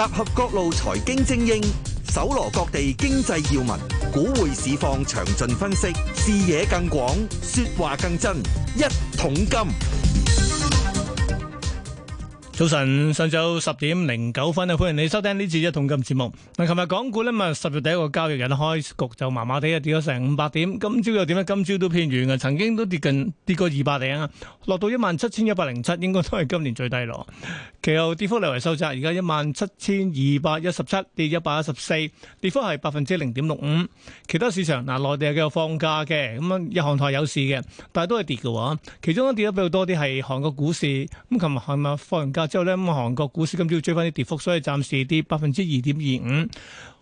集合各路財經精英，搜羅各地經濟要聞，股匯市況詳盡分析，視野更廣，說話更真，一桶金。早晨，上晝十點零九分啊！歡迎你收聽呢次一桶金節目。嗱，琴日港股呢，咪十月第一個交易日開局就麻麻地啊，跌咗成五百點。今朝又點咧？今朝都偏軟嘅，曾經都跌近跌過二百點啊，落到一萬七千一百零七，應該都係今年最低咯。其後跌幅嚟、為收窄，而家一萬七千二百一十七跌一百一十四，跌幅係百分之零點六五。其他市場嗱，內地又繼續放假嘅，咁啊，日韓台有市嘅，但係都係跌嘅。其中咧跌得比較多啲係韓國股市。咁琴日係咪放完假？之後咧咁啊，韓國股市今朝追翻啲跌幅，所以暫時跌百分之二點二五，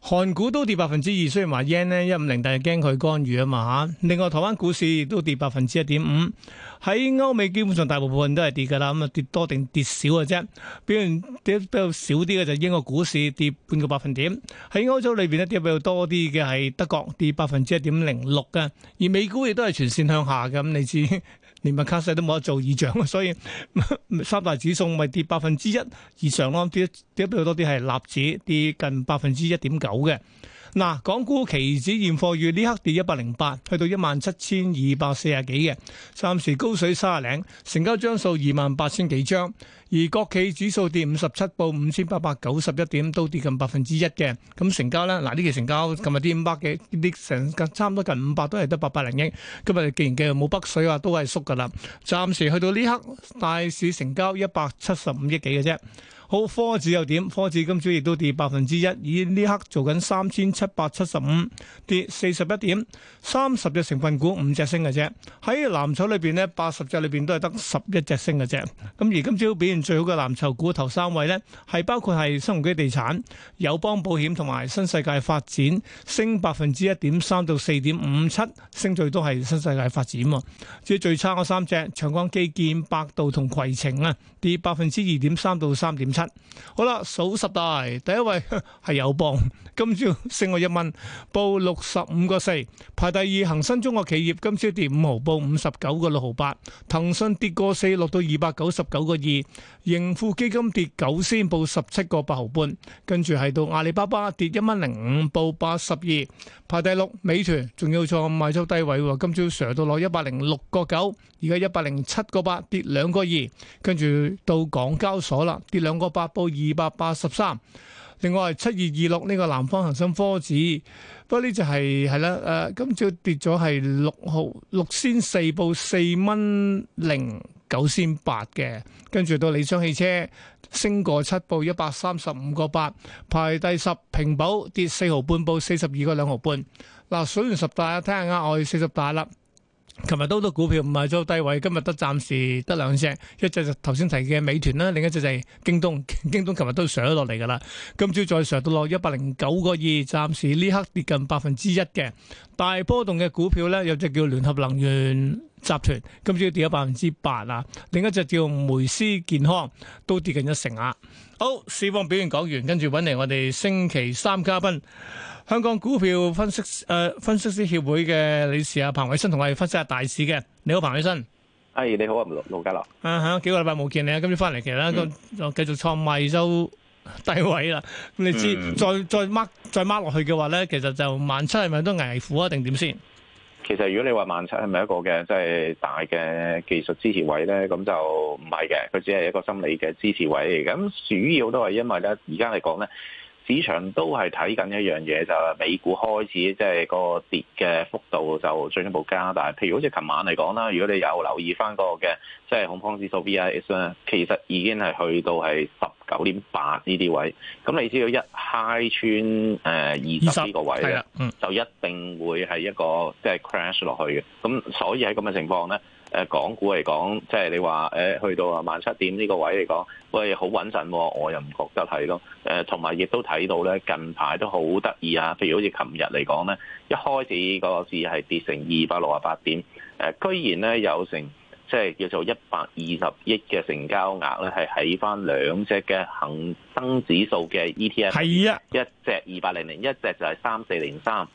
韓股都跌百分之二。雖然話 yen 咧一五零，150，但係驚佢干預啊嘛嚇。另外台灣股市亦都跌百分之一點五，喺歐美基本上大部分都係跌噶啦。咁、嗯、啊，跌多定跌少嘅、啊、啫。表現跌比較少啲嘅就英國股市跌半個百分點，喺歐洲裏邊呢，跌比較多啲嘅係德國跌百分之一點零六嘅，而美股亦都係全線向下嘅。咁你知？連麥卡錫都冇得做議長，所以三大指數咪跌百分之一以上咯，跌跌比較多啲係納指跌近百分之一點九嘅。嗱，港股期指現貨月呢刻跌一百零八，去到一萬七千二百四十幾嘅，暫時高水三十零，成交張數二萬八千幾張。而國企指數跌五十七，報五千八百九十一點，都跌近百分之一嘅。咁成交咧，嗱呢期成交，今日跌五百嘅，跌成近差唔多近五百都係得八百零億。今日既然繼續冇北水啊，都係縮噶啦。暫時去到呢刻，大市成交一百七十五億幾嘅啫。好，科指又點？科指今朝亦都跌百分之一，以呢刻做緊三千七百七十五，跌四十一點。三十隻成分股五隻升嘅啫，喺藍籌裏面呢，八十隻裏面都係得十一隻升嘅啫。咁而今朝表最好嘅藍籌股頭三位呢，係包括係新鴻基地產、友邦保險同埋新世界發展，升百分之一點三到四點五七，升最多係新世界發展。至於最差嗰三隻，長江基建、百度同攜程啊，跌百分之二點三到三點七。好啦，數十大第一位係友邦，今朝升過一蚊，報六十五個四。排第二恒生中國企業，今朝跌五毫，報五十九個六毫八。騰訊跌過四，落到二百九十九個二。盈富基金跌九仙，報十七個八毫半。跟住係到阿里巴巴跌一蚊零五，報八十二，排第六。美團仲要再賣出低位喎，今朝 s 到 r 攞一百零六個九，而家一百零七個八，跌兩個二。跟住到港交所啦，跌兩個八，報二百八十三。另外七二二六呢個南方恒生科指，不過呢就係係啦，誒今朝跌咗係六毫六仙四，報四蚊零。九仙八嘅，跟住到理想汽車升過七步一百三十五個八，8，排第十。平保跌四毫半，報四十二個兩毫半，嗱，數完十大，睇下額外四十大啦。琴日都好多股票唔係做低位，今日得暫時得兩隻，一隻就頭先提嘅美團啦，另一隻就係京東。京東琴日都上咗落嚟噶啦，今朝再上到落一百零九個二，暫時呢刻跌近百分之一嘅大波動嘅股票咧，有隻叫聯合能源集團，今朝跌咗百分之八啊，另一隻叫梅斯健康都跌近一成啊。好，市況表現講完，跟住揾嚟我哋星期三嘉賓。香港股票分析誒、呃，分析師協會嘅理事啊，彭偉新，同我哋分析下大市嘅。你好，彭偉新。係、hey, 你好啊，盧家樂。啊吓、uh，huh, 幾個禮拜冇見你啊，今次翻嚟，其實繼、嗯、續創賣收低位啦。你知，再再掹再掹落去嘅話咧，其實就萬七係咪都捱苦啊？定點先？其實如果你話萬七係咪一個嘅即係大嘅技術支持位咧，咁就唔係嘅，佢只係一個心理嘅支持位嚟嘅。咁主要都係因為咧，而家嚟講咧。市場都係睇緊一樣嘢，就係美股開始即係、就是、個跌嘅幅度就進一步加大。譬如好似琴晚嚟講啦，如果你有留意翻、那個嘅即係恐慌指數 VIX 咧、so，其實已經係去到係十九點八呢啲位。咁你知道一 high 穿誒二十呢個位咧，20, 就一定會係一個即係、就是、crash 落去嘅。咁所以喺咁嘅情況咧。誒港股嚟講，即係你話、欸、去到啊萬七點呢個位嚟講，喂好穩陣，我又唔覺得係咯。同埋亦都睇到咧，近排都好得意啊。譬如好似琴日嚟講咧，一開始個市係跌成二百六十八點，誒、呃、居然咧有成即係叫做一百二十億嘅成交額咧，係喺翻兩隻嘅恒生指數嘅 ETF，係啊，一隻二八零零，一隻就係三四零三。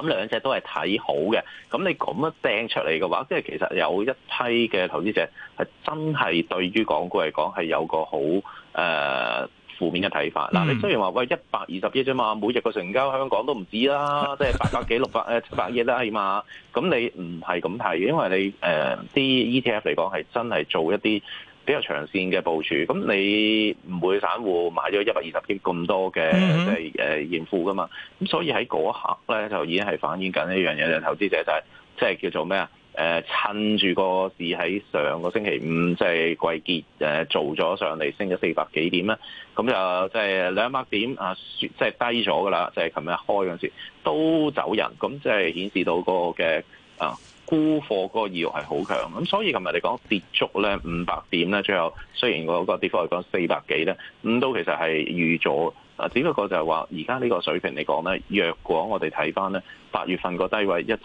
咁兩隻都係睇好嘅，咁你咁樣掟出嚟嘅話，即係其實有一批嘅投資者係真係對於港股嚟講係有個好誒、呃、負面嘅睇法。嗱、呃，你雖然話喂一百二十億啫嘛，每日個成交香港都唔止啦，即係八百幾、六百誒七百億啦，起碼，咁你唔係咁睇，因為你誒啲、呃、ETF 嚟講係真係做一啲。比較長線嘅部署，咁你唔會散戶買咗一百二十億咁多嘅即係誒現負噶嘛？咁、mm hmm. 啊、所以喺嗰一刻咧，就已經係反映緊一樣嘢，就是、投資者就係即係叫做咩啊？誒，趁住個市喺上個星期五即係、就是、季結誒、啊、做咗上嚟，升咗四百幾點咧，咁就即係兩百點啊，即、就、係、是、低咗噶啦，即係琴日開嗰陣時都走人，咁即係顯示到個嘅啊。沽貨嗰個意欲係好強，咁所以琴日嚟講跌足咧五百點咧，最後雖然嗰個跌幅嚟講四百幾咧，咁都其實係預咗，啊只不過就係話而家呢個水平嚟講咧，若果我哋睇翻咧八月份個低位一七誒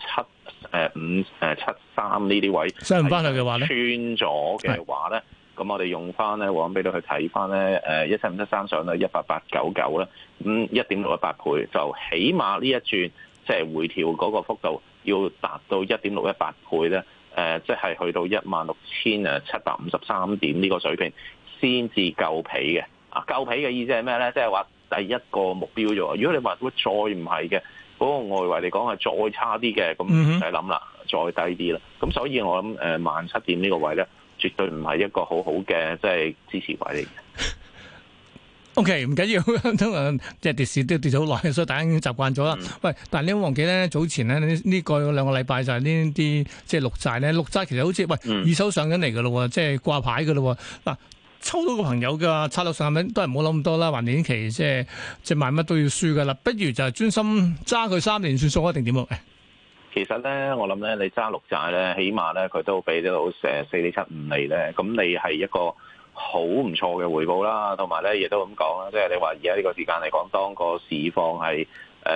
五誒七三呢啲位，收唔翻去嘅話咧，穿咗嘅話咧，咁我哋用翻咧，我俾你去睇翻咧誒一七五七三上到一八八九九咧，咁一點六一八倍就起碼呢一轉即係回調嗰個幅度。要達到一點六一八倍咧，誒，即係去到一萬六千啊七百五十三點呢個水平先至夠皮嘅。啊，夠皮嘅意思係咩咧？即係話第一個目標啫。如果你話如果再唔係嘅，嗰個外圍嚟講係再差啲嘅，咁唔使諗啦，再低啲啦。咁所以我諗誒萬七點呢個位咧，絕對唔係一個好好嘅即係支持位嚟嘅。O.K. 唔緊要，即、嗯、係跌市都跌咗好耐，所以大家已經習慣咗啦、嗯，這個就是。喂，但係你都忘記咧，早前咧呢個兩個禮拜就係呢啲即係綠債咧，綠債其實好似喂二手上緊嚟喇咯，即、就、係、是、掛牌㗎咯。嗱、啊，抽到個朋友嘅差六上萬蚊，都係唔好諗咁多啦。還年期即係即係買乜都要輸㗎啦。不如就係專心揸佢三年算數，一定點啊？其實咧，我諗咧，你揸綠債咧，起碼咧佢都俾到成四釐七五厘咧，咁你係一個。好唔錯嘅回報啦，同埋咧亦都咁講啦，即係你話而家呢個時間嚟講，當個市況係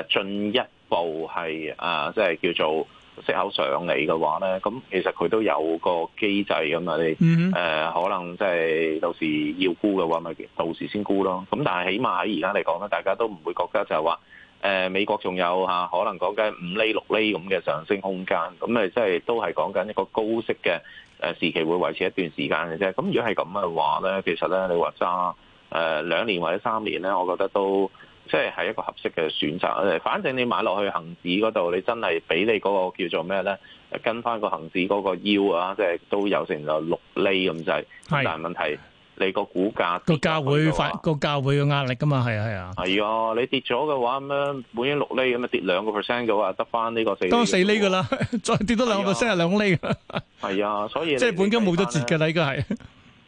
誒進一步係啊，即係叫做息口上嚟嘅話咧，咁其實佢都有個機制咁啊，你誒、呃、可能即係到時要沽嘅話咪，到時先沽咯。咁但係起碼喺而家嚟講咧，大家都唔會覺得就係話誒美國仲有、啊、可能講緊五厘、六厘咁嘅上升空間，咁你即係都係講緊一個高息嘅。誒時期會維持一段時間嘅啫，咁如果係咁嘅話咧，其實咧你話揸誒兩年或者三年咧，我覺得都即係係一個合適嘅選擇。誒，反正你買落去恆指嗰度，你真係俾你嗰個叫做咩咧，跟翻個恆指嗰個腰啊，即係都有成就六厘咁滯。但係問題。你個股價個價會發個價會有壓力噶嘛？係啊係啊，係啊！你跌咗嘅話咁樣，本應六厘，咁啊跌兩個 percent 嘅話，得翻呢個四，當四厘噶啦， 再跌多兩個 percent 係兩厘。係啊的，所以即係 本金冇咗折㗎啦，依家係。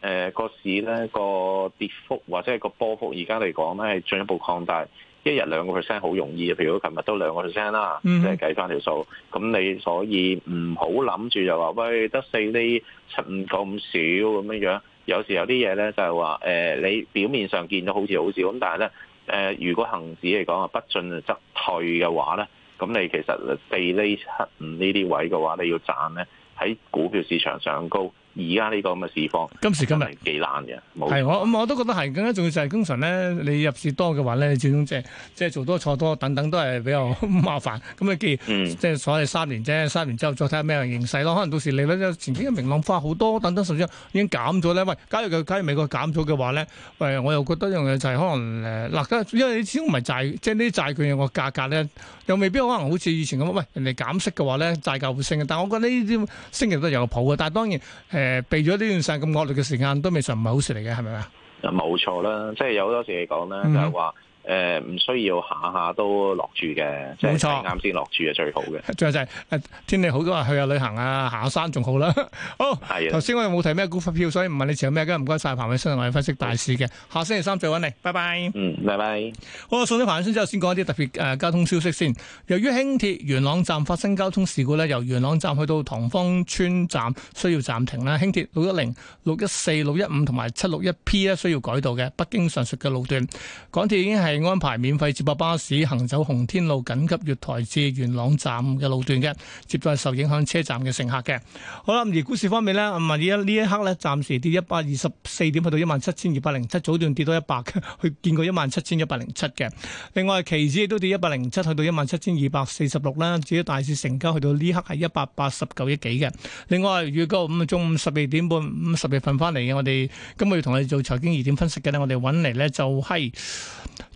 誒個、 呃、市咧個跌幅或者係個波幅，而家嚟講咧係進一步擴大。一日兩個 percent 好容易，譬如琴日都兩個 percent 啦，即係、嗯、哼計翻條數。咁你所以唔好諗住就話喂，得四釐七五咁少咁樣樣。有時有啲嘢咧就係話，誒你表面上見到好似好少，咁但係咧，誒、呃、如果恆指嚟講啊，不進則退嘅話咧，咁你其實地呢七五呢啲位嘅話，你要賺咧喺股票市場上高。而家呢個咁嘅市況，今時今日幾難嘅，冇係我咁、嗯，我都覺得係更加重要就係通常咧，你入市多嘅話咧，始終即係即係做多錯多等等都係比較麻煩。咁啊，既然即係所謂三年啫，三年之後再睇下咩形勢咯。可能到時你呢個前景的明朗化好多等等，甚至已經減咗咧。喂，假如嘅假如美國減咗嘅話咧，喂，我又覺得一樣嘢就係可能誒嗱，因為你始終唔係債，即係呢啲債券嘅個價格咧，又未必可能好似以前咁。喂，人哋減息嘅話咧，債價會升嘅。但係我覺得呢啲升亦都有個譜嘅，但係當然、欸誒、呃、避咗呢段時咁惡劣嘅時間，都未嘗唔係好事嚟嘅，係咪啊？冇錯啦，即係有好多時嚟講咧，嗯、就係話。誒，唔、呃、需要下下都落住嘅，即係啱先落住係最好嘅。最後就係、是呃、天氣好嘅話去下、啊、旅行啊，行下山仲好啦。好、 哦，頭先我哋冇提咩股票，所以唔問你持有咩。唔該晒，彭偉新我哋分析大市嘅，好下星期三再搵你，拜拜。嗯，拜拜。我送咗彭偉新之後，先講一啲特別誒、呃、交通消息先。由於輕鐵元朗站發生交通事故咧，由元朗站去到塘坊村站需要暫停啦。輕鐵六一零、六一四、六一五同埋七六一 P 咧需要改道嘅北京上述嘅路段，港鐵已經係。安排免費接駁巴士行走紅天路緊急月台至元朗站嘅路段嘅，接待受影響車站嘅乘客嘅。好啦，而股市方面呢一呢一刻呢，暫時跌一百二十四點去到一萬七千二百零七，早段跌到一百，去見過一萬七千一百零七嘅。另外，期指都跌 7, 17, 6, 一百零七去到一萬七千二百四十六啦。至於大市成交去到呢刻係一百八十九億幾嘅。另外，預告五中午十二點半，五十月份翻嚟嘅，我哋今日要同你做財經熱點分析嘅呢，我哋揾嚟呢就係。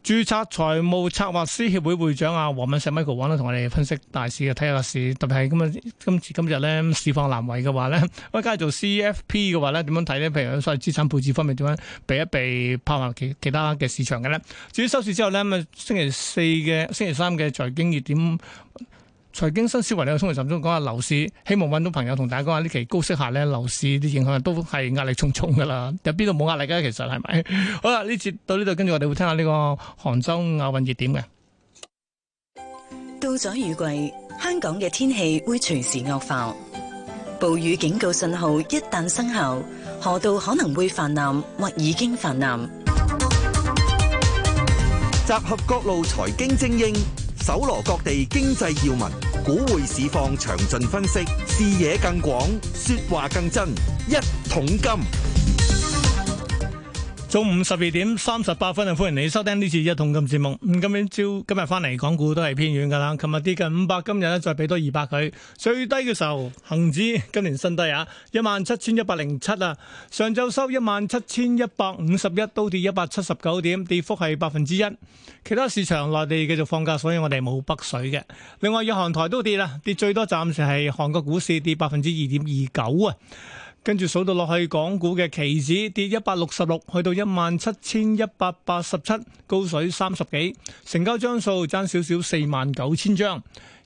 註冊財務策劃師協會會長阿黃敏石 Michael，我咧同我哋分析大市嘅，睇下市，特別係今日今次今日咧市況難為嘅話咧，我而家做 C F P 嘅話咧點樣睇咧？譬如所謂資產配置方面點樣避一避拋埋其其他嘅市場嘅咧？至於收市之後咧，咁啊星期四嘅星期三嘅財經熱點。財經新思維兩個鐘頭集中講下樓市，希望揾到朋友同大家講下呢期高息下呢樓市啲影響都係壓力重重噶啦，入邊度冇壓力噶、啊，其實係咪？好啦，呢節到呢度，跟住我哋會聽下呢個杭州亞運熱點嘅。到咗雨季，香港嘅天氣會隨時惡化，暴雨警告信號一旦生效，河道可能會泛濫或已經泛濫。集合各路財經精英，搜羅各地經濟要聞。股匯市況詳盡分析，視野更廣，説話更真，一桶金。中午十二點三十八分，歡迎你收聽呢次一桶金節目。咁今朝今日翻嚟，港股都係偏軟噶啦。琴日跌近五百，今日呢再俾多二百佢。最低嘅時候，恒指今年新低啊，一萬七千一百零七啊。上晝收一萬七千一百五十一，都跌一百七十九點，跌幅係百分之一。其他市場內地繼續放假，所以我哋冇北水嘅。另外，日韓台都跌啦，跌最多暫時係韓國股市跌百分之二點二九啊。跟住數到落去，港股嘅期指跌一百六十六，去到一萬七千一百八十七，高水三十幾，成交張數爭少少四萬九千張。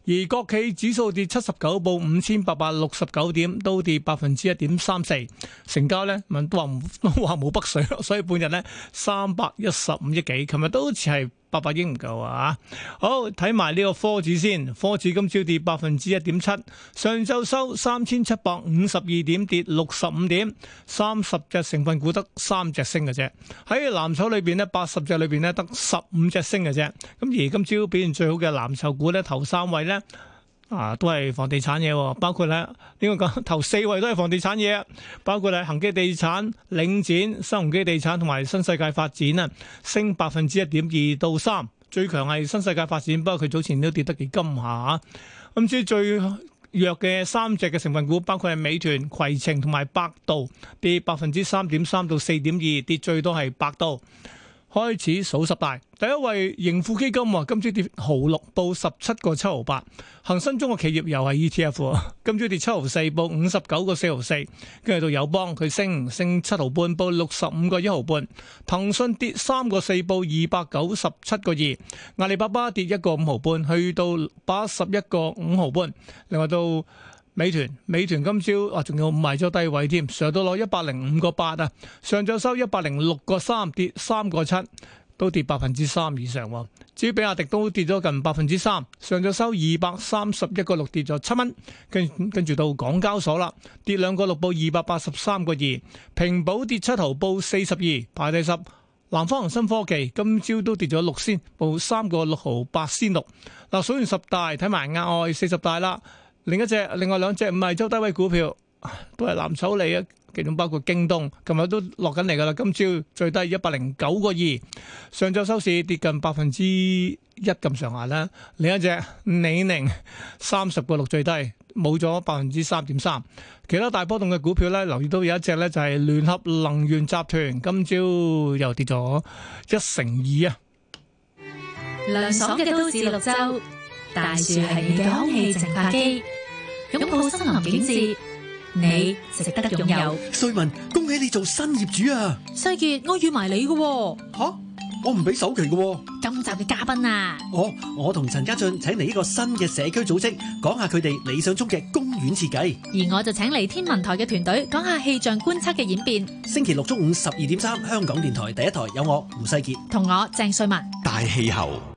而國企指數跌七十九，報五千八百六十九點，都跌百分之一點三四。成交呢，問都話都話冇北水，所以半日呢，三百一十五億幾。琴日都似係。八百億唔夠啊！好睇埋呢個科指先，科指今朝跌百分之一點七，上晝收三千七百五十二點，跌六十五點，三十隻成分股得三隻升嘅啫。喺藍籌裏面呢，八十隻裏面呢得十五隻升嘅啫。咁而今朝表現最好嘅藍籌股呢，頭三位呢。啊，都係房地產嘢，包括咧應該講頭四位都係房地產嘢，包括咧恒基地產、領展、新鴻基地產同埋新世界發展啊，升百分之一點二到三，3, 最強係新世界發展，不過佢早前都跌得幾急下。今、嗯、朝最弱嘅三隻嘅成分股，包括係美團、携程同埋百度，跌百分之三點三到四點二，2, 跌最多係百度。開始數十大，第一位盈富基金啊，今朝跌毫六，報十七個七毫八。恒生中國企業又係 ETF 今朝跌七毫四，報五十九個四毫四。跟住到友邦，佢升升七毫半，報六十五個一毫半。騰訊跌三個四，報二百九十七個二。阿里巴巴跌一個五毫半，去到八十一個五毫半。另外到美團，美團今朝啊，仲要埋咗低位添，上到落一百零五個八啊，上晝收一百零六個三，跌三個七，都跌百分之三以上。至於比亞迪都跌咗近百分之三，上晝收二百三十一個六，跌咗七蚊。跟跟住到港交所啦，跌兩個六，報二百八十三個二，平保跌七毫，報四十二，排第十。南方恒生科技今朝都跌咗六仙，報三個六毫八仙六。嗱，數完十大，睇埋額外四十大啦。另一隻，另外兩隻唔係周低位股票，都係藍籌嚟啊！其中包括京東，琴日都落緊嚟噶啦。今朝最低一百零九個二，上晝收市跌近百分之一咁上下啦。另一隻李寧三十個六最低，冇咗百分之三點三。其他大波動嘅股票咧，留意到有一隻咧就係聯合能源集團，今朝又跌咗一成二啊！涼爽嘅都市綠洲。大樹係你嘅空氣淨化機，擁抱森林景致，你值得擁有。瑞文，恭喜你做新業主啊！世杰，我預埋你嘅，吓我唔俾首期嘅。今集嘅嘉賓啊，我我同陳家俊請嚟一個新嘅社區組織，講下佢哋理想中嘅公園設計。而我就請嚟天文台嘅團隊，講下氣象觀測嘅演變。星期六中午十二點三，香港電台第一台有我胡世杰，同我鄭瑞文，大氣候。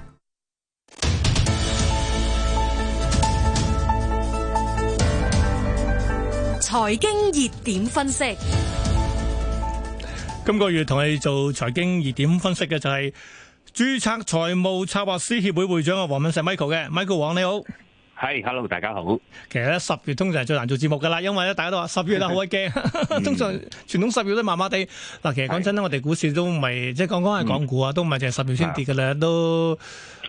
財經熱點分析，今個月同你做財經熱點分析嘅就係注冊財務策劃師協會會長啊，黃敏石 Michael 嘅 Michael 黃你好，係，hey, Hello，大家好。其實咧十月通常係最難做節目噶啦，因為咧大家都話十月啦好鬼驚， 嗯、通常傳統十月都麻麻地。嗱，其實講真咧，我哋股市都唔係即係，剛剛係港股啊，嗯、都唔係淨係十月先跌噶啦， 都。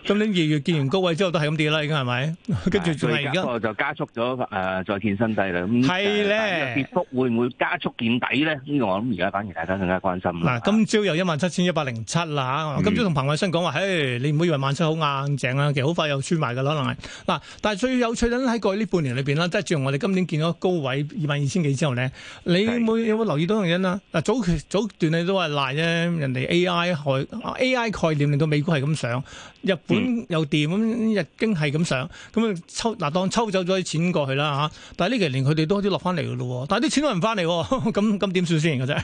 今年二月見完高位之後都，都係咁跌啦，依家係咪？跟住、啊、最係家、那個、就加速咗誒、呃，再見新低啦。咁的但係個跌幅會唔會加速見底咧？呢個我諗而家反而大家更加關心嗱、啊，今朝又一萬七千一百零七啦嚇！嗯、今朝同彭偉新講話，誒，你唔好以為萬七好硬淨啊，其實好快又輸埋嘅，可能係嗱、啊。但係最有趣緊喺過去呢半年裏邊啦，即係正如我哋今年見咗高位二萬二千幾之後咧，你冇有冇留意到樣嘢啊？嗱，早段早段你都話賴啫，人哋 A I 害 A I 概念令到美股係咁上，日又掂咁，日經係咁上，咁啊抽嗱當抽走咗啲錢過去啦嚇，但係呢幾年佢哋都好似落翻嚟㗎咯，但係啲錢都唔翻嚟，咁咁點算先嘅啫？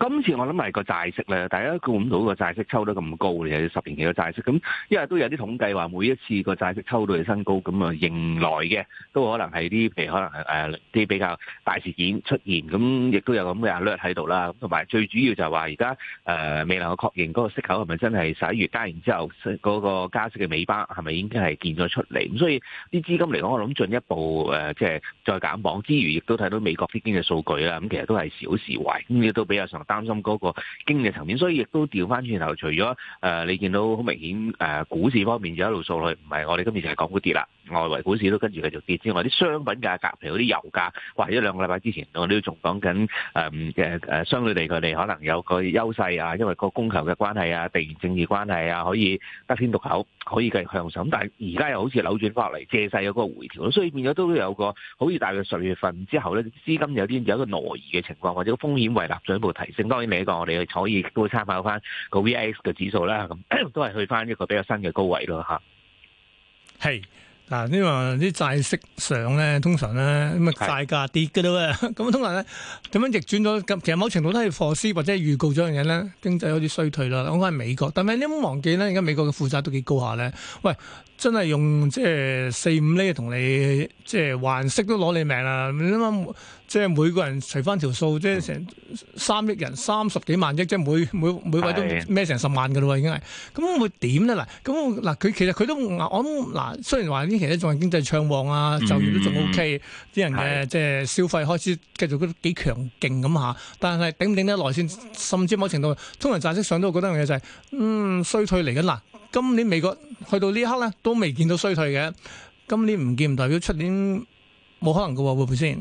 今次我諗係個債息咧，大家估唔到個債息抽得咁高嚟，有十年期嘅債息，咁因為都有啲統計話，每一次個債息抽到係新高，咁啊，迎來嘅都可能係啲譬如可能誒啲比較大事件出現，咁亦都有咁嘅壓力喺度啦。同埋最主要就係話而家誒未能夠確認嗰個息口係咪真係十一月加完之後，嗰個加息嘅尾巴係咪已經係見咗出嚟？咁所以啲資金嚟講，我諗進一步誒即係再減磅之餘，亦都睇到美國啲經濟數據啦。咁其實都係小時為，咁亦都比較上擔心嗰個經濟層面，所以亦都調翻轉頭。除咗誒、呃，你見到好明顯誒、呃，股市方面有一路數落去，唔係我哋今日就係講港股跌啦。外圍股市都跟住繼續跌之外，啲商品價格，譬如嗰啲油價，或者兩個禮拜之前，我哋都仲講緊誒嘅誒，相對地佢哋可能有個優勢啊，因為個供求嘅關係啊、地緣政治關係啊，可以得天獨厚，可以繼續向上。但係而家又好似扭轉翻落嚟，借勢有個回調，所以變咗都有個好似大約十月份之後咧，資金有啲有一個挪移嘅情況，或者風險胃納進一步提升。正當然美國我哋可以都會參考翻個 VIX 嘅指數啦，咁都係去翻一個比較新嘅高位咯，吓，係嗱，呢個啲債息上咧，通常咧咁啊債價跌㗎喇，咁是通常咧點樣逆轉咗？其實某程度都係貨司或者預告咗樣嘢咧，經濟開始衰退啦。講緊係美國，但係你唔好忘記咧，而家美國嘅負債都幾高下咧。喂，真係用即係四五厘，同你即係還息都攞你命啦！你唔即係每個人除翻條數，即係成三億人三十幾萬億，即係每每每位都孭成十萬㗎咯喎，已經係咁會點咧？嗱，咁嗱佢其實佢都我諗嗱雖然話呢期仲係經濟暢旺啊，就業都仲 O K，啲人嘅的是的 即係消費開始繼續都幾強勁咁下，但係頂唔頂得耐先？甚至某程度，通常債息上都覺得樣嘢就係、是、嗯衰退嚟㗎。嗱。今年美國去到一刻呢刻咧都未見到衰退嘅，今年唔見唔代表出年冇可能嘅喎，會唔會先？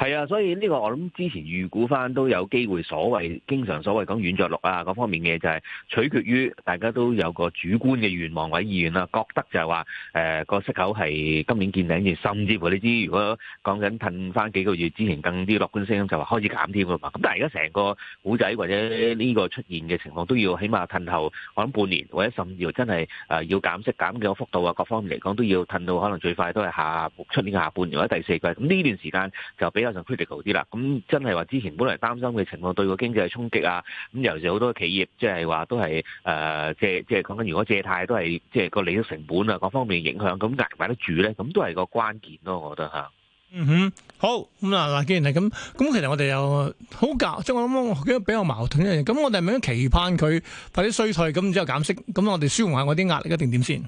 係啊，所以呢個我諗之前預估翻都有機會，所謂經常所謂講軟着陸啊嗰方面嘅嘢，就係取決於大家都有個主觀嘅願望或者意願啦、啊，覺得就係話誒個息口係今年見頂嘅，甚至乎你知如果講緊褪翻幾個月之前更啲樂觀聲音，就話開始減添㗎嘛。咁但係而家成個股仔或者呢個出現嘅情況，都要起碼褪後我諗半年，或者甚至乎真係誒要減息減嘅幅度啊，各方面嚟講都要褪到可能最快都係下出年下半年，或者第四季。咁呢段時間就比較。非常 critical 啲啦，咁真係話之前本來擔心嘅情況對個經濟嘅衝擊啊，咁尤其好多企業，即係話都係誒、呃，借即係講緊如果借貸都係即係個利息成本啊，各方面的影響，咁捱唔捱得住咧？咁都係個關鍵咯、啊，我覺得吓。嗯哼，好咁嗱嗱，既然係咁，咁其實我哋又好夾，即係我諗比較矛盾一樣嘢，咁我哋係咪期盼佢快啲衰退，咁之後減息，咁我哋舒緩下我啲壓力一定點先？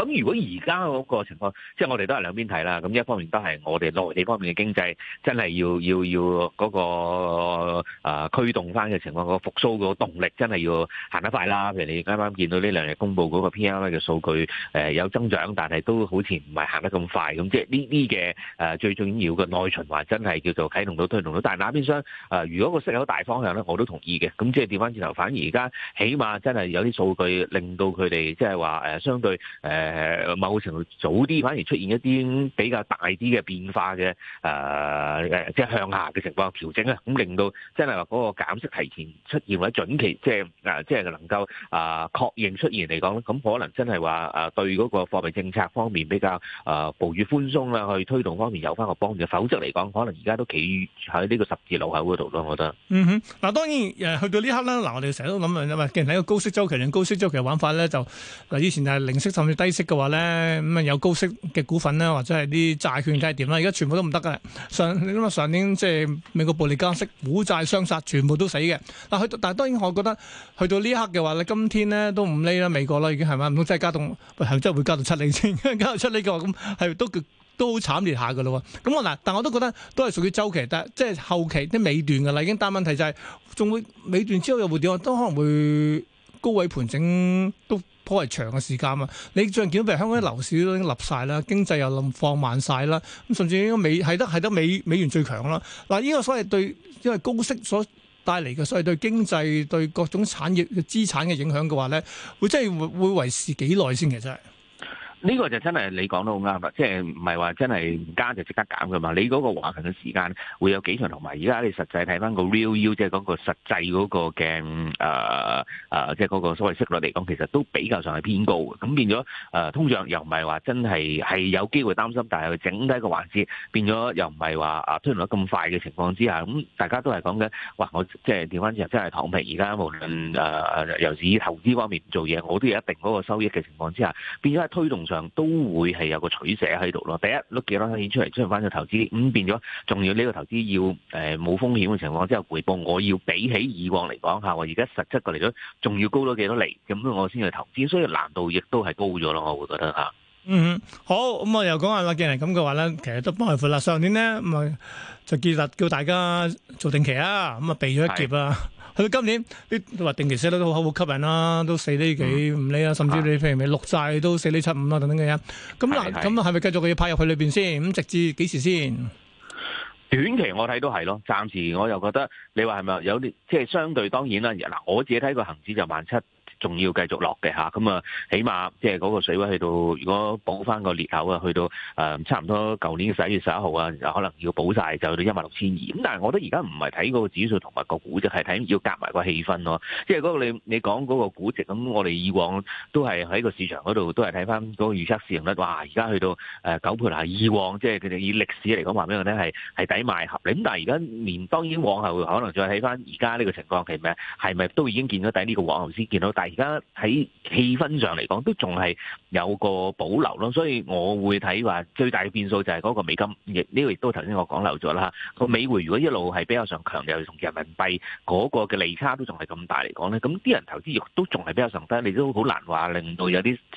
咁如果而家嗰個情況，即係我哋都係兩邊睇啦。咁一方面都係我哋內地方面嘅經濟真係要要要嗰、嗰個驅、呃、動翻嘅情況、嗰個復蘇、嗰個動力，真係要行得快啦。譬如你啱啱見到呢兩日公布嗰個 PPI 嘅數據誒、呃、有增長，但係都好似唔係行得咁快。咁即係呢啲嘅誒最重要嘅內循環真係叫做啟動到推動到。但係哪邊商誒如果個息口大方向咧，我都同意嘅。咁即係調翻轉頭，反而而家起碼真係有啲數據令到佢哋即係話誒相對誒。呃誒、呃、某程度早啲反而出現一啲比較大啲嘅變化嘅誒誒，即係向下嘅情況調整咧，咁令到即係話嗰個減息提前出現或者準期，即係誒即係能夠啊、呃、確認出現嚟講，咁可能真係話誒對嗰個貨幣政策方面比較啊步履寬鬆啦，去推動方面有翻個幫助。否則嚟講，可能而家都企喺呢個十字路口嗰度咯，我覺得。嗯哼，嗱當然、呃、去到刻呢刻啦，嗱、呃、我哋成日都咁樣嘛。既然喺個高息週期定高息週期玩法咧，就嗱以前係零息甚至低息嘅話咧，咁啊有高息嘅股份咧，或者係啲債券睇點啦。而家全部都唔得噶。上你諗下上年即係美國暴力加息，股債雙殺，全部都死嘅。嗱，去但係當然，我覺得去到呢刻嘅話咧，今天咧都唔匿啦，美國啦已經係咪，真係加到，係、哎、真係會加到七厘先，加到七厘嘅話，咁係都都好慘烈下噶咯。咁我嗱，但我都覺得都係屬於週期，但即係後期啲尾段噶啦，已經。但問題就係、是、總會尾段之後又會點都可能會高位盤整都。頗為長嘅時間啊！你最近見到譬如香港啲樓市都已經立晒啦，經濟又令放慢晒啦，咁甚至應該美係得係得美美元最強啦。嗱，呢個所謂對因為高息所帶嚟嘅，所謂對經濟對各種產業嘅資產嘅影響嘅話咧，會真係會會維持幾耐先嘅啫？呢個就真係你講得好啱啊！即係唔係話真係唔加就即刻減嘅嘛？你嗰個橫行嘅時間會有幾長？同埋而家你實際睇翻個 real yield，即係嗰個實際嗰個嘅誒誒，即係嗰個所謂息率嚟講，其實都比較上係偏高嘅。咁變咗誒，通脹又唔係話真係係有機會擔心，但係佢整體個環節變咗又唔係話啊推動得咁快嘅情況之下，咁大家都係講緊哇！我即係調翻之後，即係躺平。而家無論誒由至於投資方面唔做嘢，我都有一定嗰個收益嘅情況之下，變咗係推動上都會係有個取捨喺度咯。第一，碌幾多錢出嚟，出嚟翻去投資，咁變咗仲要呢個投資要誒冇、呃、風險嘅情況之下回報，我要比起以往嚟講吓，我而家實質過嚟咗，仲要高咗幾多厘。咁，我先去投資，所以難度亦都係高咗咯。我會覺得吓，嗯，好，咁我又講下既然係咁嘅話咧，其實都不開闊啦。上年咧咁啊，就結實叫大家做定期啊，咁啊避咗一劫啊。佢今年啲話定期寫得都好好吸引啦，都四釐幾五厘啊，甚至你、啊、譬如咪綠債都四釐七五啊等等嘅嘢咁。嗱，咁係咪繼續佢要派入去裏面先？咁直至幾時先？短期我睇都係咯，暫時我又覺得你話係咪有啲即係相對當然啦。嗱，我自己睇個恆指就萬七。仲要繼續落嘅嚇，咁啊，起碼即係嗰個水位去到，如果補翻個裂口啊，去到誒、呃、差唔多舊年嘅十一月十一號啊，就可能要補晒，就去到一萬六千二。咁但係我覺得而家唔係睇嗰個指數同埋個估值，係睇要夾埋個氣氛咯。即係嗰你你講嗰個估值咁，我哋以往都係喺個市場嗰度都係睇翻嗰個預測市盈率，哇！而家去到誒、呃、九倍啦。以往即係佢哋以歷史嚟講話咩咧，係係抵買合理。咁但係而家年當然往後可能再睇翻而家呢個情況係咪係咪都已經見咗底呢個往後先見到底？而家喺氣氛上嚟講，都仲係有個保留咯，所以我會睇話最大嘅變數就係嗰個美金，亦呢個亦都頭先我講漏咗啦。個美匯如果一路係比較上強，又同人民幣嗰個嘅利差都仲係咁大嚟講咧，咁啲人投資亦都仲係比較上低，你都好難話令到有啲資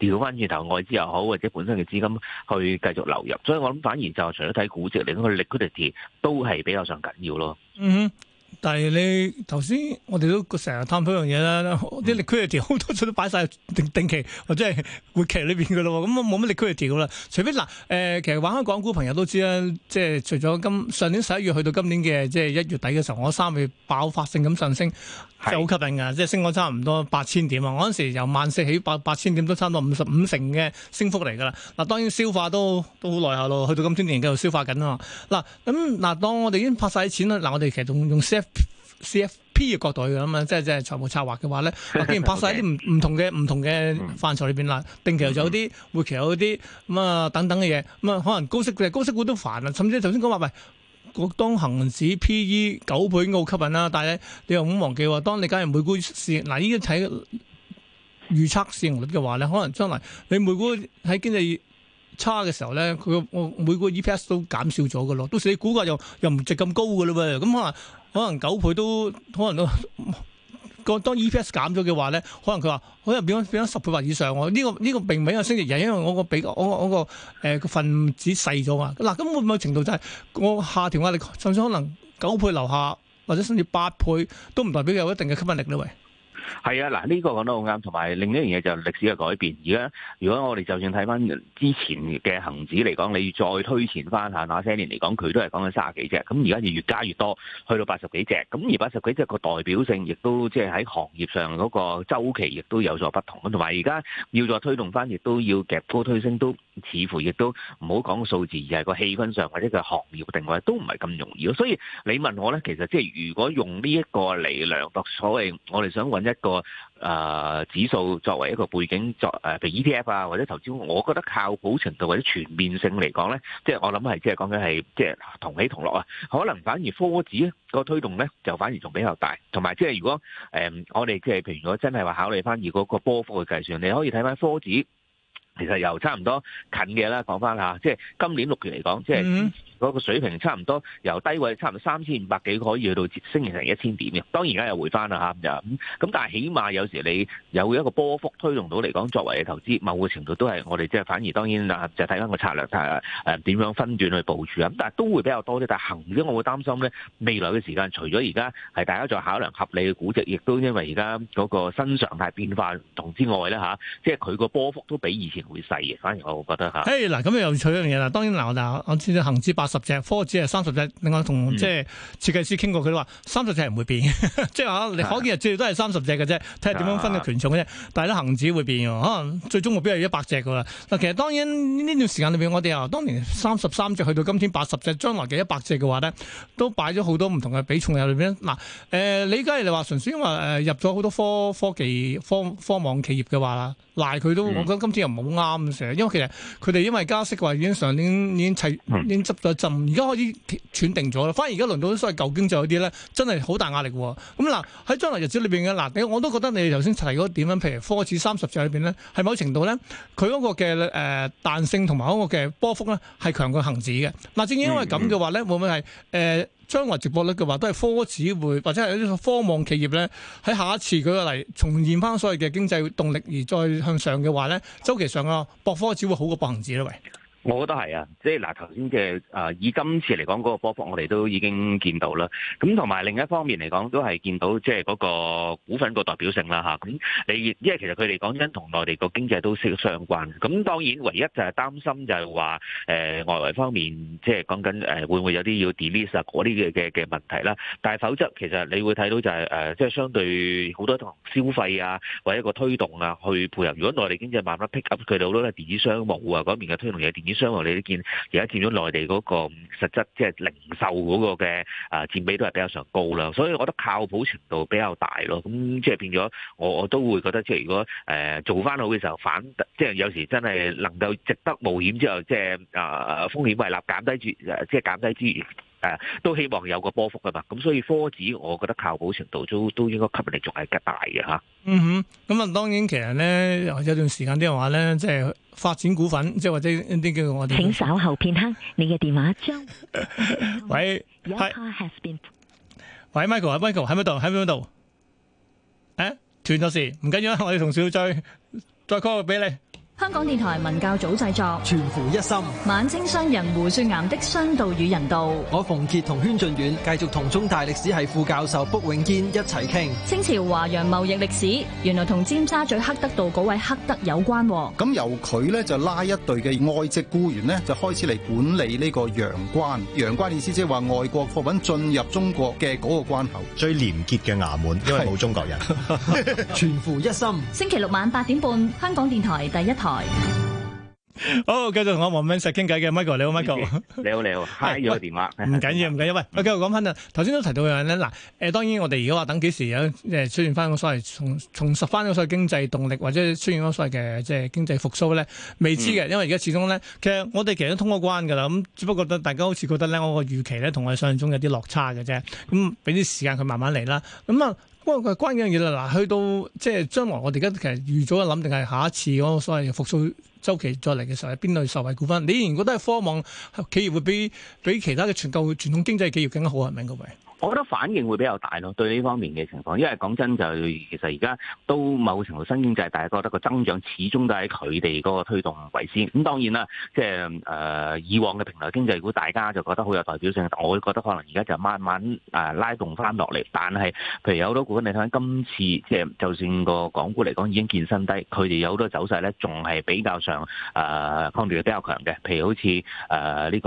金調翻轉頭外資又好，或者本身嘅資金去繼續流入。所以我諗反而就係除咗睇估值嚟講，佢 liquidity 都係比較上緊要咯。嗯、mm hmm. 但係你頭先我哋都成日探討一樣嘢啦，啲 liquidity 好多水都擺晒定定期或者係活期裏邊嘅咯，咁冇乜 liquidity 㗎啦。除非嗱、呃、其實玩開港股朋友都知啦，即係除咗今上年十一月去到今年嘅即係一月底嘅時候，我三月爆發性咁上升，係好是吸引嘅，即係升咗差唔多八千點啊！我嗰時由萬四起八八千點都差唔多五十五成嘅升幅嚟噶啦。嗱當然消化都都好耐下咯，去到今年年繼續消化緊啊。嗱咁嗱，當我哋已經拍晒啲錢啦，嗱我哋其實仲用。C F P 嘅角度去諗啊，即係即係財務策劃嘅話咧， 既然拍晒啲唔唔同嘅唔同嘅範疇裏邊啦，Okay. 定期又有啲，活期有啲咁啊，等等嘅嘢，咁啊可能高息嘅高息股都煩啊，甚至頭先講話喂，當恒指 P E 九倍應該好吸引啦，但係你又唔好忘記，當你假如每股市，嗱呢啲睇預測市盈率嘅話咧，可能將來你每股喺經濟差嘅時候咧，佢我每股 E P S 都減少咗嘅咯，到時你股價又又唔值咁高嘅咯喎，咁啊。可能九倍都可能都個當 EPS 減咗嘅話咧，可能佢話可能變咗變咗十倍或以上呢、這個呢、這個並唔係一個升值嘅，因為我個比較我我個誒個分子細咗嘛。嗱，咁會唔會程度就係、是、我下調壓力，就算可能九倍樓下或者甚至八倍都唔代表有一定嘅吸引力咧？喂？係啊，嗱、這、呢個講得好啱，同埋另一樣嘢就歷史嘅改變。而家如果我哋就算睇翻之前嘅恒指嚟講，你要再推前翻下那些年嚟講，佢都係講緊卅幾隻。咁而家越越加越多，去到八十幾隻。咁而八十幾隻個代表性亦都即係喺行業上嗰個周期亦都有所不同。同埋而家要再推動翻，亦都要夾高推升，都似乎亦都唔好講數數字，而係個氣氛上或者個行業定位都唔係咁容易。所以你問我呢，其實即係如果用呢一個嚟量度所謂我哋想揾一個誒指數作為一個背景，作誒譬如 E T F 啊，或者投資，我覺得靠譜程度或者全面性嚟講咧，即係我諗係即係講緊係即係同起同落啊。可能反而科指個推動咧，就反而仲比較大。同埋即係如果誒我哋即係譬如如果真係話考慮翻以嗰個波幅嘅計算，你可以睇翻科指，其實又差唔多近嘅啦。講翻吓，即係今年六月嚟講，即係。嗰個水平差唔多，由低位差唔多三千五百幾可以去到升成一千點嘅。當然而家又回翻啦嚇，咁咁。但係起碼有時你有一個波幅推動到嚟講，作為投資某個程度都係我哋即係反而當然啊，就睇翻個策略，誒誒點樣分段去部署。啊。咁但係都會比較多啲，但係行，因為我會擔心咧未來嘅時間，除咗而家係大家再考量合理嘅估值，亦都因為而家嗰個新常態變化唔同之外咧嚇，即係佢個波幅都比以前會細嘅。反而我覺得嚇。嗱、啊，咁、hey, 又取樣嘢啦。當然嗱，我我行至八。十隻，科指係三十隻。另外同即係設計師傾過，佢都話三十隻唔會變，即係、嗯、 說啊，你可見日最都係三十隻嘅啫。睇下點樣分嘅權重嘅啫。啊、但係咧，恒指會變嘅，可能最終目標係一百隻嘅啦。嗱，其實當然呢段時間裏邊，我哋啊，當年三十三隻去到今天八十隻，將來嘅一百隻嘅話咧，都擺咗好多唔同嘅比重入裏邊。嗱，誒、呃，你而家嚟話純粹因為入咗好多科科技科科網企業嘅話啦，賴佢都，嗯、我覺得今天又唔好啱成，因為其實佢哋因為加息嘅話，已經上年已經砌已經執咗。就而家開始轉定咗啦，反而而家輪到所謂舊經濟嗰啲咧，真係好大壓力喎。咁嗱，喺將來日子裏面嘅嗱，我都覺得你哋頭先提嗰點咧，譬如科指三十隻裏面咧，係某程度咧，佢嗰個嘅誒彈性同埋嗰個嘅波幅咧，係強過恒指嘅。嗱，正因為咁嘅話咧，會唔會係誒將來值博率嘅話，都係科指會或者係啲科網企業咧，喺下一次佢嚟重現翻所謂嘅經濟動力而再向上嘅話咧，周期上個博科指會好過博恆指咧，喂。我覺得係啊，即係嗱頭先嘅啊，以今次嚟講嗰個波幅，我哋都已經見到啦。咁同埋另一方面嚟講，都係見到即係嗰個股份個代表性啦嚇。咁你因為其實佢哋講緊同內地個經濟都息息相關。咁當然唯一就係擔心就係話誒外圍方面，即係講緊誒會唔會有啲要 delete 嗰、啊、啲嘅嘅嘅問題啦。但係否則其實你會睇到就係誒即係相對好多同消費啊或者一個推動啊去配合。如果內地經濟慢慢 pick up，佢哋好多都係電子商務啊嗰邊嘅推動電子。你都見而家見咗內地嗰個實質即係零售嗰個嘅佔比都係比較上高啦，所以我覺得靠譜程度比較大咯。咁即係變咗，我我都會覺得即係如果做翻好嘅時候，反即係有時真係能夠值得冒險之後，即係啊風險為立減低即係減低資源。誒、啊，都希望有個波幅，噶嘛，咁所以科指我覺得靠譜程度都都應該吸引力仲係較大嘅吓。嗯哼，咁、嗯、啊，當然其實咧有段時間啲人話咧，即係發展股份，即係或者啲叫我哋。請稍后片刻， 你嘅電話將。喂。Your call has been 喂，Michael，係 Michael，喺邊度？喺邊度？誒，斷咗線，唔緊要啊，我哋同小追，再 call 個俾你。香港電台文教組製作，全乎一心。晚清商人胡雪岩的商道與人道。我馮杰同軒俊遠繼續同中大歷史系副教授卜永堅一齊傾清朝華洋貿易歷史。原來同尖沙咀黑德道嗰位黑德有關。咁由佢咧就拉一隊嘅外籍僱員咧，就開始嚟管理呢個洋關。洋關意思即係話外國貨品進入中國嘅嗰個關口，最廉潔嘅衙門，因為冇中國人。是 全乎一心。星期六晚八點半，香港電台第一台。好，繼續同我王敏石傾偈嘅 Michael，你好 Michael，你好你好，開咗 電話，唔緊要唔緊要，喂， okay, 我繼續講翻啊，頭先都提到嘅咧，嗱，誒，當然我哋如果話等幾時有，誒、呃，出現翻個所謂重重拾翻個所謂經濟動力，或者出現嗰所謂嘅即係經濟復甦咧，未知嘅，嗯、因為而家始終咧，其實我哋其實都通過關噶啦，咁只不過得大家好似覺得咧，我個預期咧同我哋想象中有啲落差嘅啫，咁俾啲時間佢慢慢嚟啦，咁、嗯、啊。不過佢關鍵嘅嘢啦，嗱，去到即係將來，我哋而家其實預早一諗，定係下一次嗰個所謂復甦周期再嚟嘅時候，邊類受惠股份？你仍然覺得係科網企業會比比其他嘅全球傳統經濟企業更加好，係咪？各位？我覺得反應會比較大咯，對呢方面嘅情況，因為講真就其實而家都某程度新經濟，大家覺得個增長始終都喺佢哋個推動為先。咁當然啦，即係誒以往嘅平台經濟，如果大家就覺得好有代表性，我覺得可能而家就慢慢誒、呃、拉動翻落嚟。但係譬如有好多股你睇下今次即係就算個港股嚟講已經見新低，佢哋有好多走勢咧，仲係比較上誒抗跌比較強嘅。譬如好似誒呢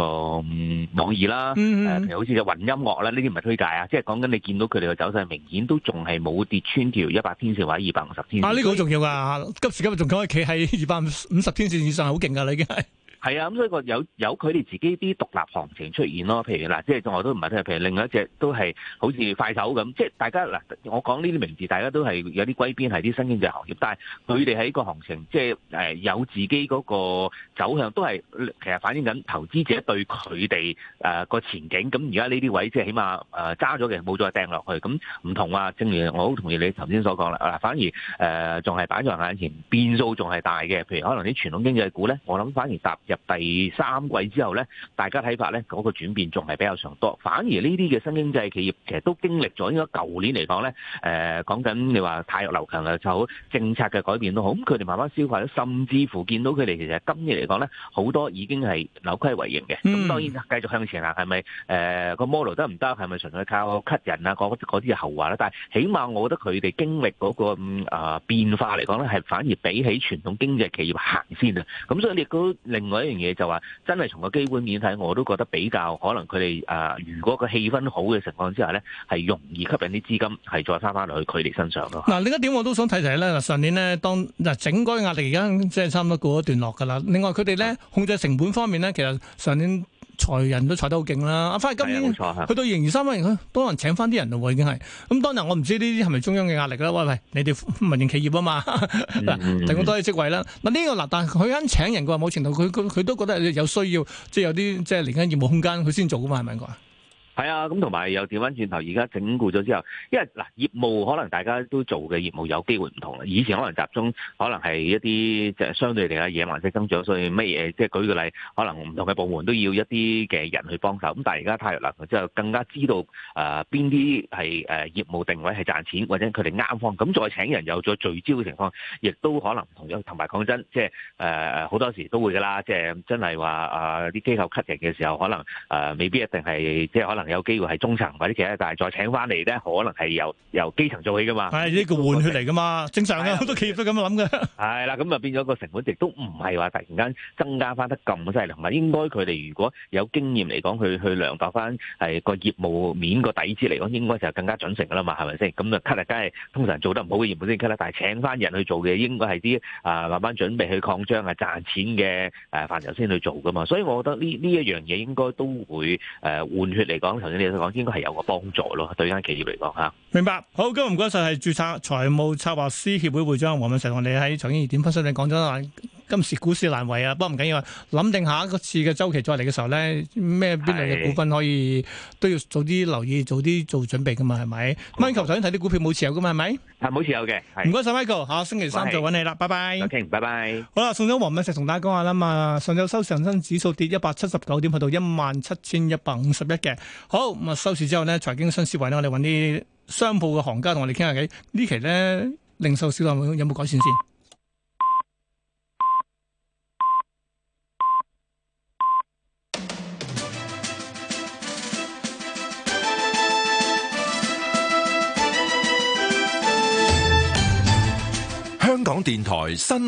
個網易啦、呃，譬如好似就雲音樂啦，呢啲唔係推。啊，即係講緊你見到佢哋嘅走勢明顯都仲係冇跌穿條一百天線或者二百五十天線。啊，呢個好重要噶，今時今日仲可以企喺二百五十天線以上，好勁噶喇已經係。係啊，咁所以個有有佢哋自己啲獨立行情出現咯。譬如嗱，即係我都唔係，譬如另外一隻都係好似快手咁。即係大家嗱，我講呢啲名字，大家都係有啲歸邊係啲新經濟行業，但係佢哋喺個行情，即係誒有自己嗰個走向，都係其實反映緊投資者對佢哋誒個前景。咁而家呢啲位，即係起碼誒揸咗嘅，冇再掟落去。咁唔同啊，正如我好同意你頭先所講啦。嗱，反而誒仲係擺在眼前，變數仲係大嘅。譬如可能啲傳統經濟股咧，我諗反而入第三季之後咧，大家睇法咧嗰個轉變仲係比較常多。反而呢啲嘅新經濟企業，其實都經歷咗，應該舊年嚟講咧，誒講緊你話太弱流強啊，就好政策嘅改變都好。咁佢哋慢慢消化咗，甚至乎見到佢哋其實今年嚟講咧，好多已經係扭虧為盈嘅。咁當然繼續向前行係咪誒個 model 得唔得？係咪純粹靠吸引啊？嗰嗰啲後話咧？但係起碼我覺得佢哋經歷嗰個啊變化嚟講咧，係反而比起傳統經濟企業行先啊。咁所以你估另外 一樣嘢就話，真係從個基本面睇，我都覺得比較可能佢哋誒，如果個氣氛好嘅情況之下咧，係容易吸引啲資金係再揸翻落去佢哋身上咯。嗱，另一點我都想提提咧，嗱上年咧，當嗱整嗰個壓力而家即係差唔多過一段落㗎啦。另外佢哋咧控制成本方面咧，其實上年，裁人都裁得好勁啦，反而今年去到盈餘三萬，當然請翻啲人喎，已經係咁，當然我唔知呢啲係咪中央嘅壓力啦。喂喂，你哋民營企業啊嘛，提供、嗯、多啲職位啦。嗱呢個嗱，但佢、這、肯、個、請人嘅話冇情同佢佢佢都覺得有需要，就是、即係有啲即係嚟緊業務空間，佢先做噶嘛，係咪講啊？係啊，咁同埋又調翻轉頭，而家整固咗之後，因為嗱業務可能大家都做嘅業務有機會唔同啦。以前可能集中可能係一啲即係相對嚟嘅野蠻式增長，所以乜嘢即係舉個例，可能唔同嘅部門都要一啲嘅人去幫手。咁但係而家太陽能之後更加知道啊邊啲係誒業務定位係賺錢，或者佢哋啱方。咁再請人有咗聚焦嘅情況，亦都可能唔同咗。同埋講真，即係誒好多時都會㗎啦，即係真係話啊啲機構 cut 嘅時候，可能、呃、未必一定係即係可能。有機會係中層或者其他，但係再請翻嚟咧，可能係由由基層做起噶嘛。係呢個換血嚟噶嘛，正常啊，好、哎、呀多企業都咁樣諗嘅。係啦、哎，咁啊變咗個成本值都唔係話突然間增加翻得咁犀利，同埋應該佢哋如果有經驗嚟講，佢去、去量度翻係個業務面個底子嚟講，應該就更加準成噶啦嘛，係咪先？咁啊 cut 咧，梗係通常做得唔好嘅業務先 cut 啦，但係請翻人去做嘅，應該係啲啊慢慢準備去擴張啊賺錢嘅誒、呃、範疇先去做噶嘛。所以我覺得呢呢一樣嘢應該都會誒、呃、換血嚟講。咁頭先你都講，應該係有個幫助咯，對於間企業嚟講嚇。明白，好，今日唔該曬，係註冊財務策劃師協會會長黃敏成，我哋喺財經熱點分析你講咗今時股市難為啊，不過唔緊要，啊。諗定下一次嘅週期再嚟嘅時候咧，咩邊類嘅股份可以都要早啲留意，早啲做準備嘅嘛，係咪的？Michael 頭先睇啲股票冇持有嘅嘛，係咪？係冇持有嘅。唔該曬，Michael 嚇、啊，下星期三再揾你啦，的拜拜。拜拜、okay。好啦，送咗黃敏石同大家講下啦嘛。上晝收恒生指數跌一百七十九點，去到一萬七千一百五十一嘅。好咁啊，收市之後呢，財經新思維呢，我哋揾啲商鋪嘅行家同我哋傾下偈。期呢期咧，零售市道有冇改善先？香港電台新聞。